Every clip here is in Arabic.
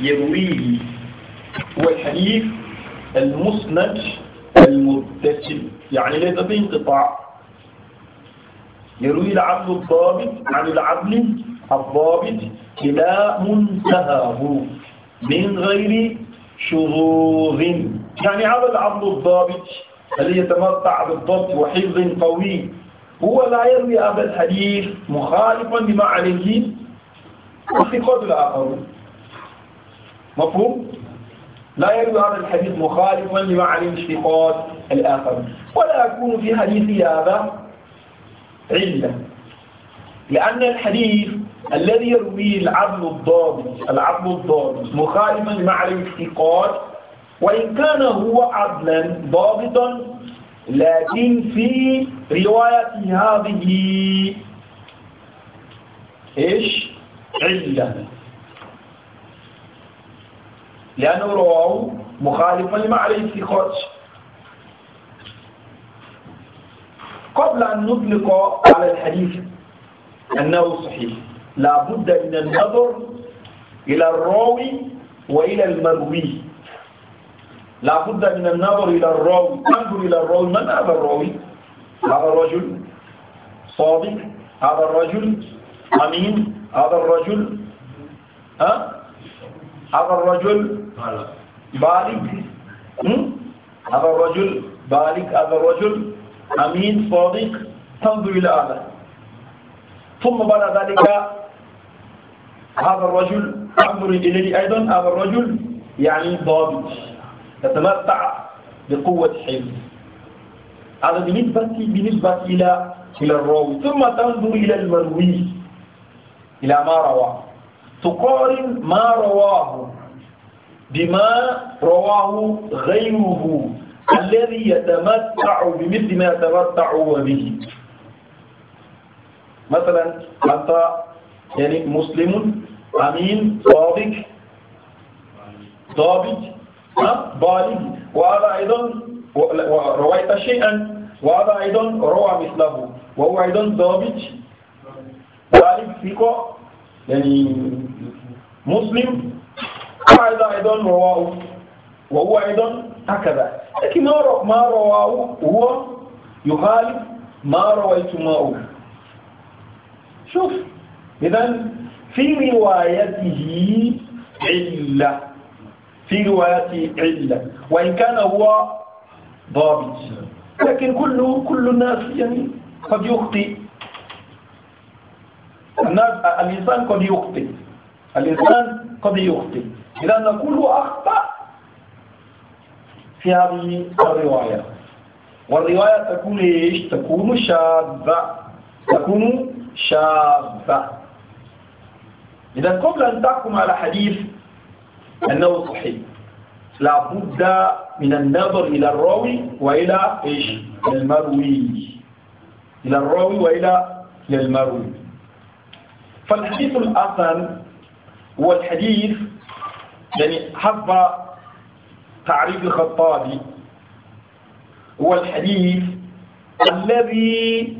يرويه هو الحديث المسند المتصل يعني ليس في انقطاع يروي العبد الضابط عن العبد الضابط إلى منتهاه من غير شذوذ يعني هذا العبد الضابط الذي يتمتع بالضبط وحفظ قوي هو لا يروي هذا الحديث مخالفا لما عليه الثقات الآخرون مفهوم؟ لا يبدو هذا الحديث مخالفا لما عليه اشتقاق الآخر ولا يكون في حديث هذا علة لأن الحديث الذي يرويه العدل الضابط العدل الضابط مخالفا لما عليه اشتقاق وإن كان هو عدلا ضابطا لكن في رواية هذه إيش؟ علة لأنه رواه مخالفا لما عليه الثقات قبل أن نطلق على الحديث أنه صحيح لا بد من النظر إلى الراوي وإلى المروي لا بد من النظر إلى الراوي انظر إلى الراوي من هذا الراوي هذا الرجل صادق هذا الرجل أمين هذا الرجل أه؟ هذا الرجل بالغ هذا الرجل بالغ هذا الرجل أمين صادق تنظر إلى هذا ثم بعد ذلك هذا الرجل تنظر إليه أيضا هذا الرجل يعني ضابط يتمتع بقوة حلم هذا بالنسبة بالنسبة إلى إلى الراوي ثم تنظر إلى المروي إلى ما رواه تقارن ما رواه بما رواه غيره الذي يتمتع بمثل ما يتمتع هو به مثلا أنت يعني مسلم أمين صادق ضابط بالغ وهذا أيضا رويت شيئا وهذا أيضا روى مثله وهو أيضا ضابط بالغ ثقة يعني مسلم هذا أيضا رواه وهو أيضا هكذا لكن ما رواه هو يخالف ما رويتماه شوف إذا في روايته علة في روايته علة وإن كان هو ضابط لكن كل كل الناس يعني قد يخطئ الإنسان قد يخطئ الإنسان قد يخطئ إذا نقول أخطأ في هذه الرواية والرواية تكون إيش؟ تكون شاذة تكون شاذة إذا قبل أن تحكم على حديث أنه صحيح لابد من النظر إلى الراوي وإلى إيش؟ المروي إلى الراوي وإلى المروي فالحديث الأصل هو الحديث يعني حظ تعريف الخطابي هو الحديث الذي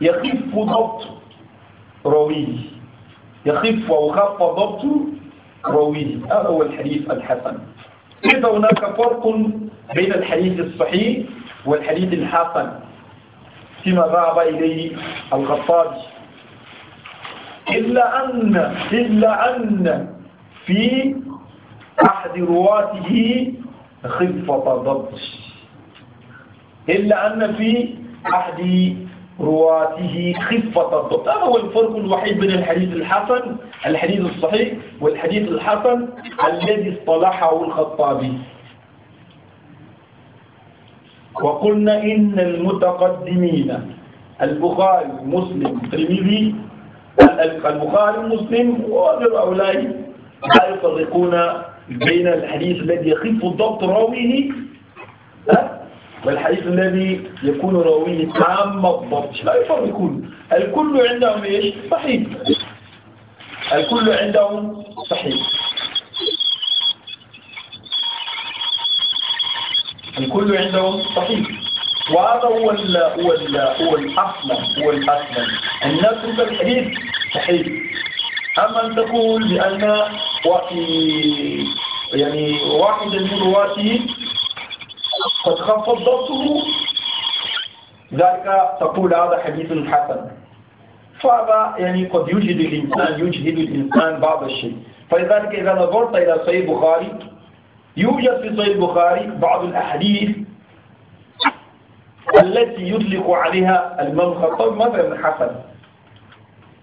يخف ضبط رويه يخف أو خف ضبط رويه هذا هو الحديث الحسن إذا هناك فرق بين الحديث الصحيح والحديث الحسن فيما ذهب إليه الخطابي إلا أن إلا أن في أحد رواته خفة ضبط إلا أن في أحد رواته خفة الضبط هذا هو الفرق الوحيد بين الحديث الحسن الحديث الصحيح والحديث الحسن الذي اصطلحه الخطابي وقلنا إن المتقدمين البخاري مسلم ترمذي البخاري ومسلم وغير هؤلاء لا يفرقون بين الحديث الذي يخف الضبط راويه والحديث الذي يكون راويه تام الضبط لا يفرقون الكل عندهم ايش صحيح الكل عندهم صحيح الكل عندهم صحيح وهذا هو الـ هو الـ هو الأصل هو الأصل الناس الحديث صحيح أما أن تقول بأن وفي يعني واحد من رواته قد خفض ضبطه ذلك تقول هذا حديث حسن فهذا يعني قد يجهد الإنسان يجهد الإنسان بعض الشيء فلذلك إذا نظرت إلى صحيح البخاري يوجد في صحيح البخاري بعض الأحاديث التي يطلق عليها الإمام الخطاب مثلا حسن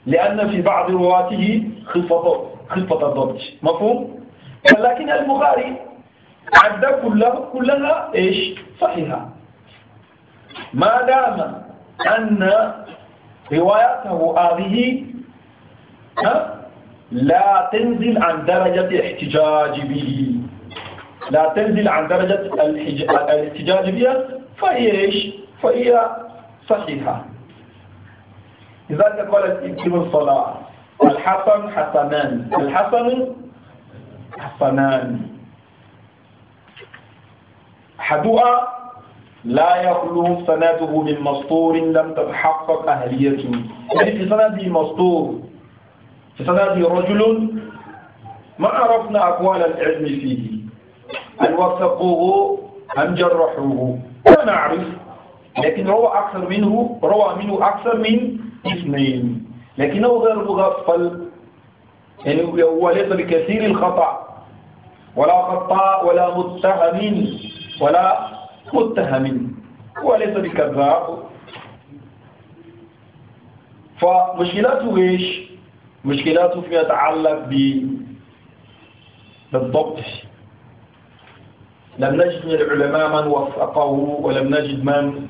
لأن في بعض رواته خفة الضبط مفهوم؟ لكن البخاري عد كلها كلها ايش؟ صحيحة ما دام أن روايته هذه لا تنزل عن درجة الاحتجاج به لا تنزل عن درجة الاحتجاج بها فهي ايش؟ فهي صحيحة لذلك قالت ابن الصلاة الحسن حسنان الحسن حسنان حدوء لا يخلو سنده من مسطور لم تتحقق أهليته يعني في سنده مسطور في سنده رجل ما عرفنا أقوال العلم فيه هل وثقوه أم جرحوه لا نعرف لكن هو أكثر منه روى منه أكثر من اثنين لكنه غير مغفل يعني هو ليس بكثير الخطأ ولا خطاء ولا متهم ولا متهم هو ليس بكذاب فمشكلاته ايش؟ مشكلاته فيما يتعلق بالضبط لم نجد من العلماء من وثقه ولم نجد من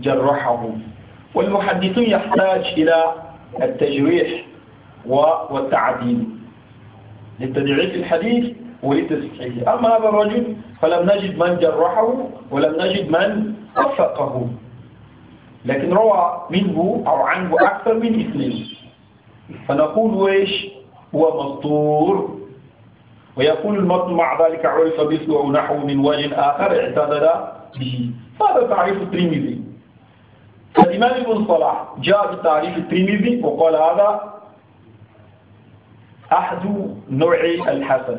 جرحه والمحدثون يحتاج إلى التجريح والتعديل لتضعيف الحديث ولتصحيحه أما هذا الرجل فلم نجد من جرحه ولم نجد من وفقه لكن روى منه أو عنه أكثر من اثنين فنقول ويش هو مسطور ويقول المطن مع ذلك عرف مثله أو نحو من وجه آخر اعتدل به هذا تعريف الترمذي الإمام ابن صلاح جاء بتعريف الترمذي وقال هذا أحد نوع الحسن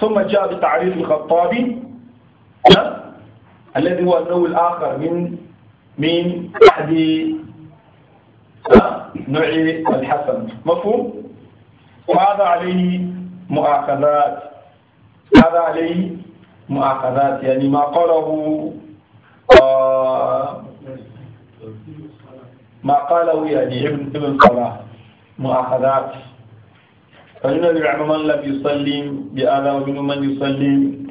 ثم جاء بتعريف الخطابي الذي هو النوع الآخر من من أحد نوع الحسن مفهوم؟ وهذا عليه مؤاخذات هذا عليه مؤاخذات يعني ما قاله آه ما قاله يعني ابن ابن صلاح مؤاخذات فلنبي عن من لم يسلم بآذى ومن من يسلم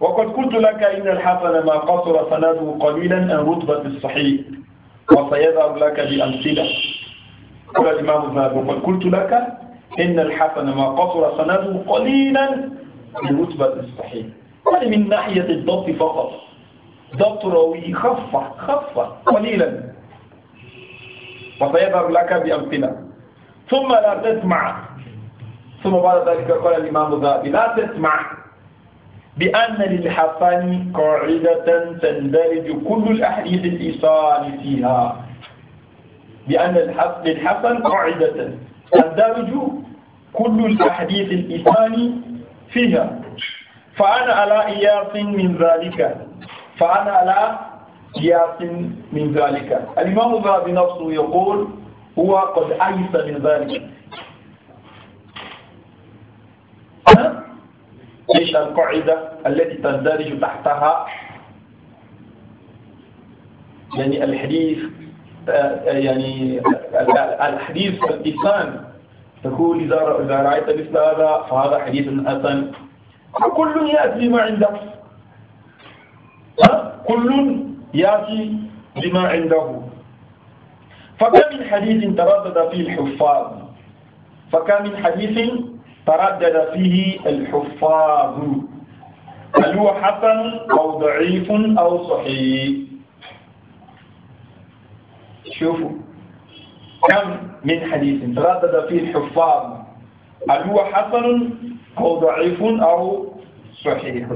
وقد قلت لك إن الحسن ما قصر سنده قليلا أن رتبة الصحيح وسيذهب لك بأمثلة قال الإمام الذهبي وقد قلت لك إن الحسن ما قصر سنده قليلا أن رتبة الصحيح يعني من ناحية الضبط فقط ضبط روي خف خف قليلا وسيظهر لك بأمثلة ثم لا تسمع ثم بعد ذلك قال الإمام الذهبي لا تسمع بأن للحسن قاعدة تندرج كل الأحاديث الإيصال فيها بأن للحسن قاعدة تندرج كل الأحاديث الإيصال فيها فأنا على إياس من ذلك فأنا على جياس من ذلك الإمام الذهبي نفسه يقول هو قد عيس من ذلك أه؟ ايش القاعدة التي تندرج تحتها يعني الحديث آه، آه، يعني الحديث الإنسان تقول إذا رأيت مثل هذا فهذا حديث حسن كل يأتي ما عنده كل يأتي بما عنده فكم من حديث تردد فيه الحفاظ فكم من حديث تردد فيه الحفاظ هل هو حسن أو ضعيف أو صحيح شوفوا كم من حديث تردد فيه الحفاظ هل هو حسن أو ضعيف أو صحيح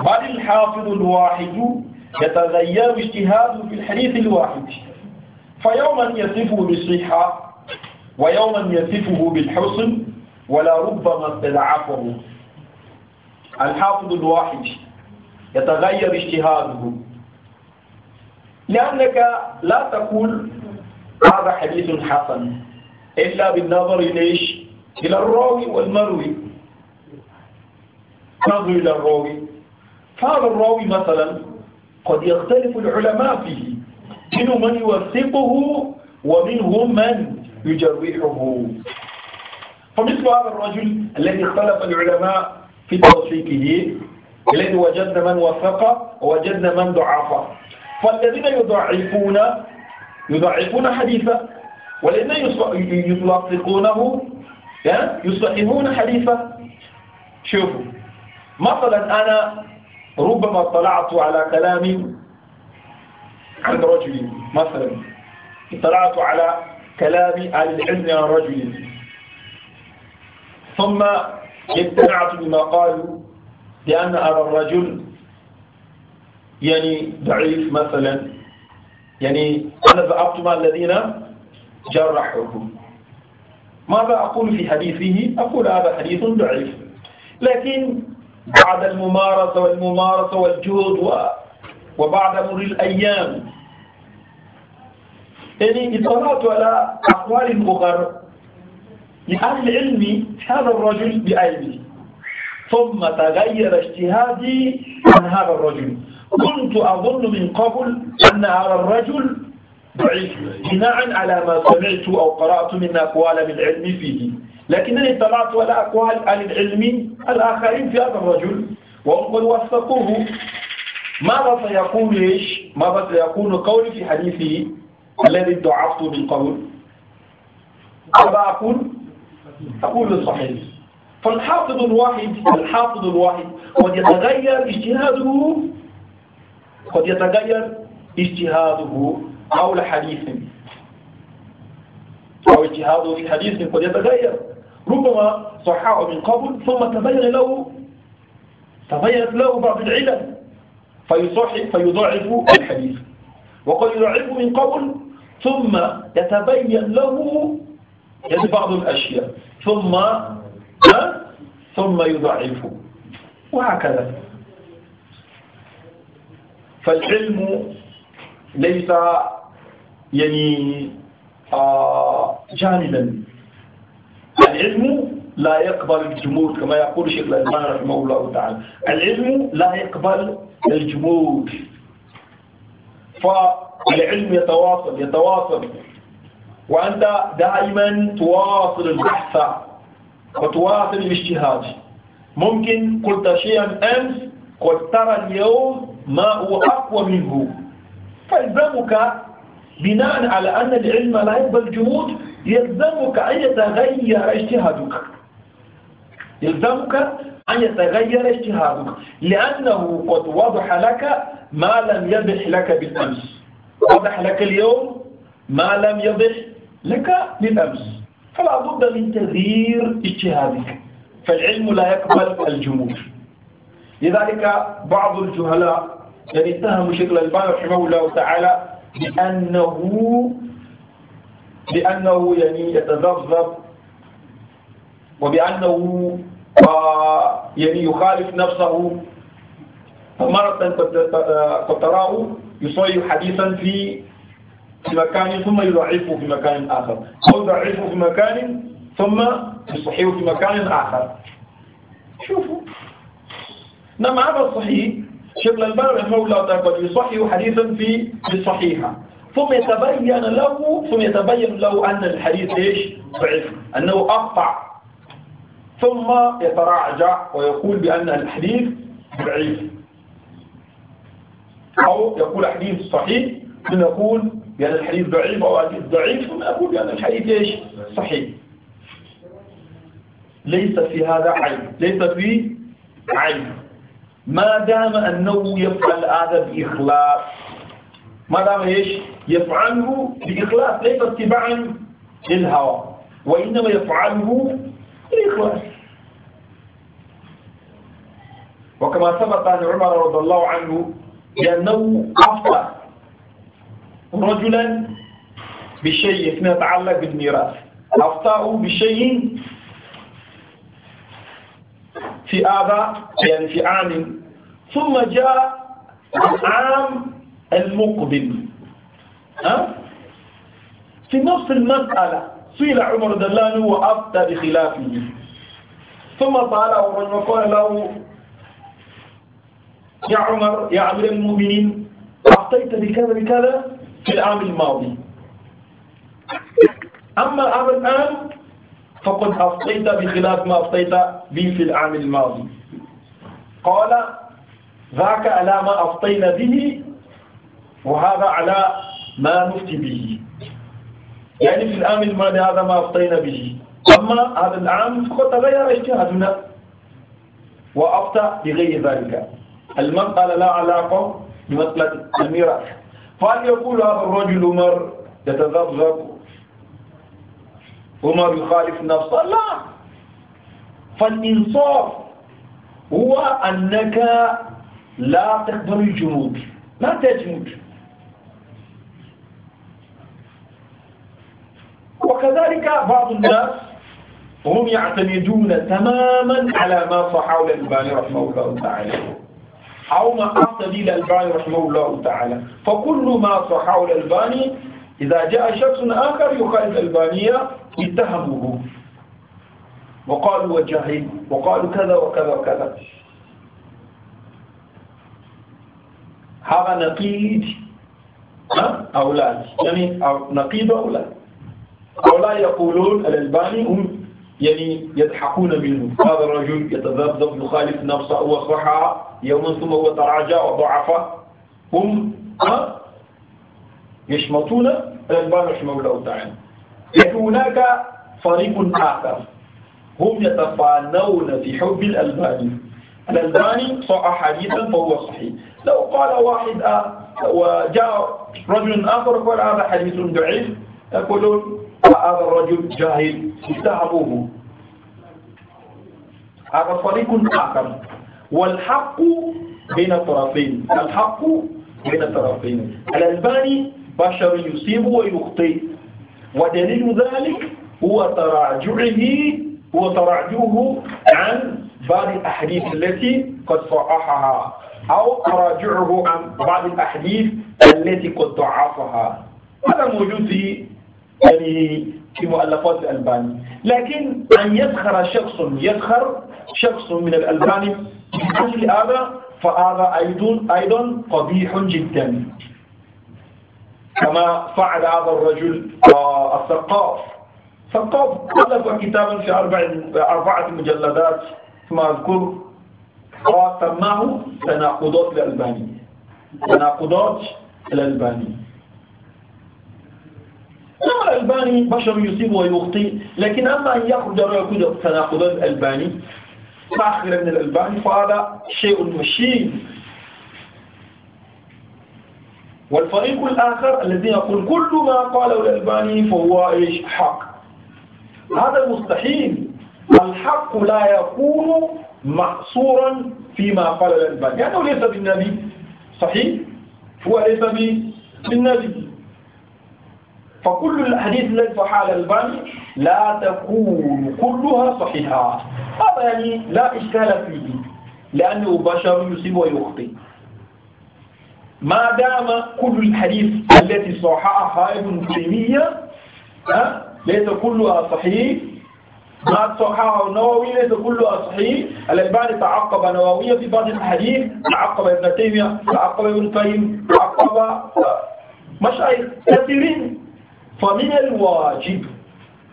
بل الحافظ الواحد يتغير اجتهاده في الحديث الواحد فيوما يصفه بالصحة ويوما يصفه بالحسن ولربما استضعفه الحافظ الواحد يتغير اجتهاده لأنك لا تقول هذا حديث حسن إلا بالنظر ليش إلى الراوي والمروي نظر إلى الراوي هذا الراوي مثلا قد يختلف العلماء فيه منهم من يوثقه ومنهم من يجرحه فمثل هذا الرجل الذي اختلف العلماء في توثيقه الذي وجدنا من وثق ووجدنا من ضعف فالذين يضعفون يضعفون حديثه والذين يطلقونه يصححون حديثه شوفوا مثلا أنا ربما اطلعت على كلام عند رجل مثلا اطلعت على كلام أهل العلم عن رجل ثم اقتنعت بما قالوا لأن أرى الرجل يعني ضعيف مثلا يعني أنا ذهبت مع الذين جرحوه ماذا أقول في حديثه أقول هذا حديث ضعيف لكن بعد الممارسة والممارسة والجهد وبعد مر الأيام يعني اطلعت على أقوال أخر لأهل علمي هذا الرجل بعلمي ثم تغير اجتهادي عن هذا الرجل كنت أظن من قبل أن هذا الرجل ضعيف بناء على ما سمعت أو قرأت من أقوال من العلم فيه لكنني اطلعت على أقوال أهل العلم الآخرين في هذا الرجل وهم قد وثقوه ماذا سيكون إيش ماذا سيكون قولي في حديثه الذي ضعفت بالقول أبا أقول أقول الصحيح فالحافظ الواحد الحافظ الواحد قد يتغير اجتهاده قد يتغير اجتهاده حول حديث أو اجتهاده في حديث قد يتغير ربما صحاه من قبل ثم تبين له تبينت له بعض العلل فيصحح فيضعف الحديث وقد يضعفه من قبل ثم يتبين له يعني بعض الأشياء ثم ثم يضعفه وهكذا فالعلم ليس يعني آه، جانبا العلم لا يقبل الجمود كما يقول شيخ الألباني رحمه الله تعالى العلم لا يقبل الجمود فالعلم يتواصل يتواصل وأنت دائما تواصل البحث وتواصل الاجتهاد ممكن قلت شيئا أمس قد ترى اليوم ما هو أقوى منه فإلزامك بناء على أن العلم لا يقبل الجمود يلزمك أن يتغير اجتهادك يلزمك أن يتغير اجتهادك لأنه قد وضح لك ما لم يضح لك بالأمس وضح لك اليوم ما لم يضح لك بالأمس فلا بد من تغيير اجتهادك فالعلم لا يقبل الجمود لذلك بعض الجهلاء يعني اتهموا شكل البان رحمه الله تعالى بأنه بأنه يعني يتذبذب وبأنه آه، يعني يخالف نفسه مرة قد تراه يصلي حديثا في في مكان ثم يضعفه في مكان آخر أو يضعفه في مكان ثم يصحيه في مكان آخر شوفوا نعم هذا الصحيح شبل البارح رحمه قد يصحي حديثا في الصحيحة ثم يتبين له ثم يتبين له أن الحديث إيش ضعيف أنه أقطع ثم يتراجع ويقول بأن الحديث ضعيف أو يقول حديث صحيح ثم يقول بأن الحديث ضعيف أو حديث ضعيف ثم يقول بأن الحديث إيش صحيح ليس في هذا عيب ليس في عيب ما دام أنه يفعل هذا بإخلاص ما دام ايش يفعله بإخلاص ليس اتباعا للهوى وإنما يفعله بإخلاص وكما ثبت عن عمر رضي الله عنه لأنه أفضل رجلا بشيء فيما يتعلق بالميراث أفتاه بشيء في هذا يعني في عام ثم جاء عام المقبل في نفس المسألة سئل عمر دلان وأفتى بخلافه ثم قال عمر وقال له يا عمر يا عمر المؤمنين أفتيت بكذا بكذا في العام الماضي أما أما الآن فقد أفتيت بخلاف ما أفتيت به في العام الماضي قال ذاك على ما أفتينا به وهذا على ما نفتي به يعني في العام الماضي هذا ما أفتينا به أما هذا العام فقد تغير اجتهادنا وأفتى بغير ذلك المسألة لا علاقة بمسألة الميراث فهل يقول هذا الرجل عمر يتذبذب عمر يخالف نفسه لا فالإنصاف هو أنك لا تقبل الجنود لا تجمد وكذلك بعض الناس هم يعتمدون تماما على ما صحه الباني رحمه الله تعالى أو ما أعتدل الباني رحمه الله تعالى فكل ما صحه الباني إذا جاء شخص آخر يخالف البانية اتهموه وقالوا وجاهل وقالوا كذا وكذا وكذا هذا نقيض أولاد يعني نقيض أولاد هؤلاء يقولون الألباني هم يعني يضحكون منه هذا الرجل يتذبذب يخالف نفسه وصحى يوما ثم هو تراجع وضعف هم يشمطون الألباني رحمه الله تعالى لكن هناك فريق آخر هم يتفانون في حب الألباني الألباني صح حديثا فهو صحيح لو قال واحد آه، وجاء رجل آخر قال هذا حديث ضعيف يقولون هذا الرجل جاهل اتهموه هذا طريق آخر والحق بين الطرفين الحق بين الطرفين الألباني بشر يصيب ويخطئ ودليل ذلك هو تراجعه هو تراجعه عن بعض الأحاديث التي قد صححها أو تراجعه عن بعض الأحاديث التي قد ضعفها هذا موجود في يعني في مؤلفات الألباني لكن أن يسخر شخص يسخر شخص من الألباني من هذا فهذا أيضا أيضا قبيح جدا كما فعل هذا الرجل آه، الثقاف ثقاف ألف كتابا في أربع أربعة مجلدات ثم أذكر آه، سماه تناقضات الألباني تناقضات الألباني نعم الألباني بشر يصيب ويخطئ لكن أما أن يخرج ويكون تناقضات الألباني فأخر من الألباني فهذا شيء مشين والفريق الآخر الذي يقول كل ما قاله الألباني فهو إيش حق هذا مستحيل الحق لا يكون محصورا فيما قال الألباني لأنه يعني ليس بالنبي صحيح هو ليس بالنبي فكل الأحاديث التي صحها على لا تكون كلها صحيحة هذا يعني لا إشكال فيه لأنه بشر يصيب ويخطئ ما دام كل الحديث التي صححها ابن تيمية ليس كلها صحيح ما صححه النووي ليس كلها صحيح الألباني تعقب نووية في بعض الحديث تعقب ابن تيمية تعقب ابن قيم تعقب آه، مشايخ كثيرين فمن الواجب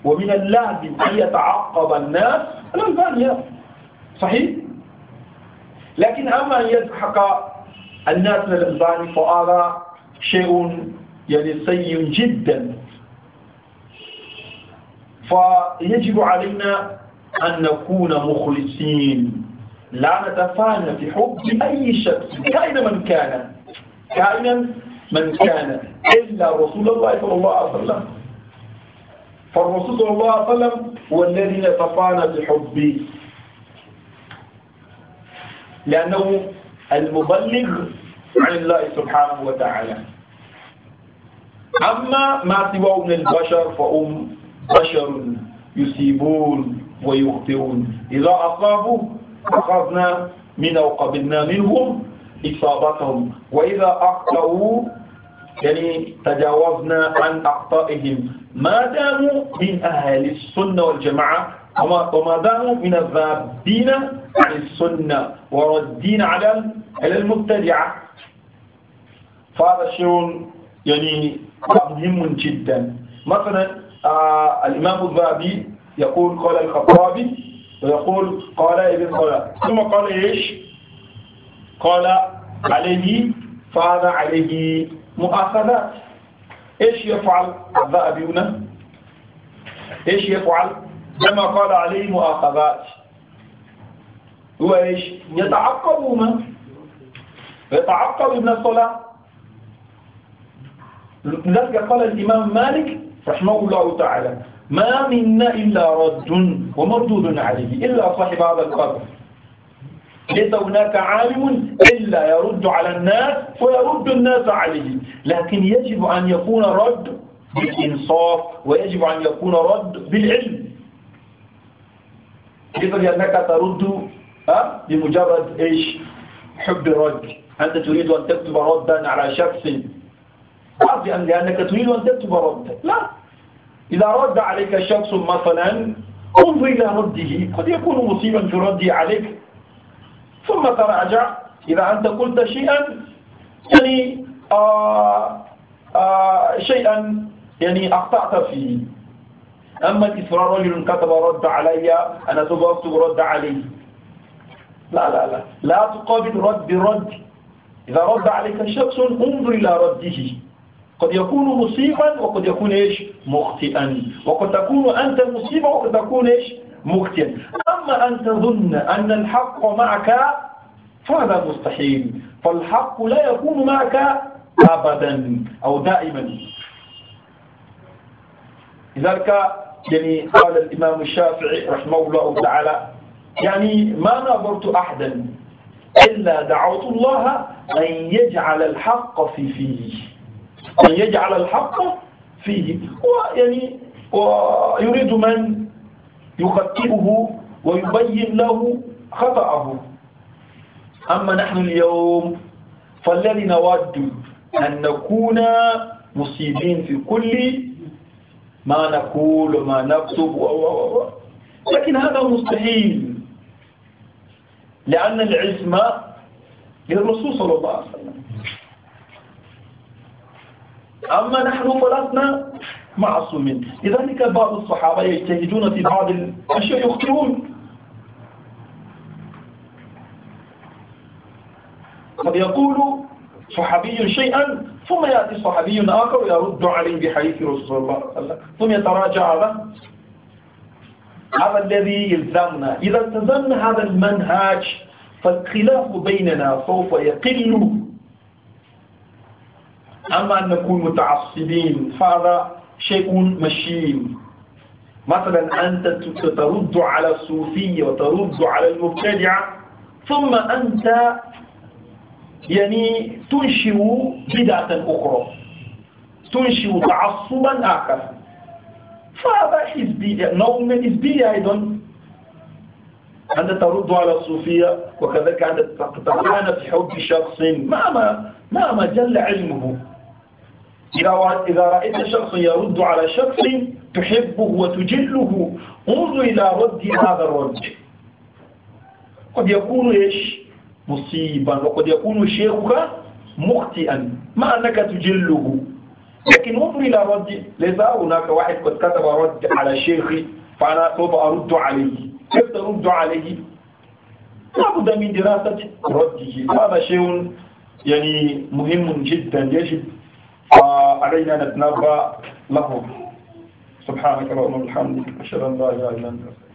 ومن اللازم أن يتعقب الناس الألبانية صحيح؟ لكن أما أن يزحق الناس من الألباني فهذا شيء يعني سيء جدا فيجب علينا أن نكون مخلصين لا نتفانى في حب أي شخص كائنا من كان كائنا من كان إلا رسول الله صلى الله عليه وسلم فالرسول صلى الله عليه وسلم هو الذي يتفانى بحبه لأنه المبلغ عن الله سبحانه وتعالى أما ما سواه من البشر فهم بشر يصيبون ويخطئون إذا أصابوا أخذنا من أو قبلنا منهم إصابتهم وإذا أخطأوا يعني تجاوزنا عن أخطائهم ما داموا من أهل السنة والجماعة وما داموا من الذابين عن السنة وردين على المبتدعة فهذا شيء يعني مهم جدا مثلا آه الإمام الذهبي يقول قال الخطابي ويقول قال ابن قال ثم قال إيش قال عليه فهذا عليه مؤاخذات إيش يفعل الذهبي هنا إيش يفعل كما قال عليه مؤاخذات هو إيش يتعقب من يتعقب ابن الصلاة لذلك قال الإمام مالك رحمه الله تعالى ما منا إلا رد ومردود عليه إلا صاحب هذا القبر ليس هناك عالم إلا يرد على الناس ويرد الناس عليه لكن يجب أن يكون رد بالإنصاف ويجب أن يكون رد بالعلم كيف لأنك ترد بمجرد إيش حب الرد أنت تريد أن تكتب ردا على شخص قصدي لأنك تريد أن تكتب ردا لا إذا رد عليك شخص مثلا انظر إلى رده قد يكون مصيبا في رده عليك ثم تراجع إذا أنت قلت شيئا يعني آآ آه، آآ آه، شيئا يعني أخطأت فيه أما الإسراء رجل كتب رد علي أنا سوف أكتب رد عليه لا لا لا لا تقابل رد برد إذا رد عليك شخص انظر إلى رده قد يكون مصيبا وقد يكون إيش مخطئا وقد تكون أنت مصيبا وقد تكون إيش مختل أما أن تظن أن الحق معك فهذا مستحيل فالحق لا يكون معك أبدا أو دائما لذلك يعني قال الإمام الشافعي رحمه الله تعالى يعني ما نظرت أحدا إلا دعوت الله أن يجعل الحق في فيه أن يجعل الحق فيه ويعني ويريد من يخطئه ويبين له خطأه أما نحن اليوم فالذي نود أن نكون مصيبين في كل ما نقول وما نكتب و لكن هذا مستحيل لأن العزمة للرسول صلى الله عليه وسلم أما نحن فلسنا معصومين لذلك بعض الصحابة يجتهدون في بعض الأشياء يخطئون قد يقول صحابي شيئا ثم يأتي صحابي آخر ويرد عليه بحديث رسول الله صلى الله عليه وسلم ثم يتراجع هذا هذا الذي يلزمنا إذا التزمنا هذا المنهج فالخلاف بيننا سوف يقل أما أن نكون متعصبين فهذا شيء مشين مثلا أنت ترد على الصوفية وترد على المبتدعة ثم أنت يعني تنشئ بدعة أخرى تنشئ تعصبا آخر فهذا حزبية نوع من الحزبية أيضا أنت ترد على الصوفية وكذلك أنت تتقان في حب شخص ما ما ما جل علمه إذا رأيت شخصا يرد على شخص تحبه وتجله انظر إلى رد هذا الرد قد يكون إيش مصيبا وقد يكون شيخك مخطئا ما أنك تجله لكن انظر إلى رد ليس هناك واحد قد كتب رد على شيخي فأنا سوف أرد عليه كيف ترد عليه لابد من دراسة رده هذا شيء يعني مهم جدا يجب علينا نتنبأ لهم سبحانك اللهم وبحمدك أشهد أن لا إله إلا أنت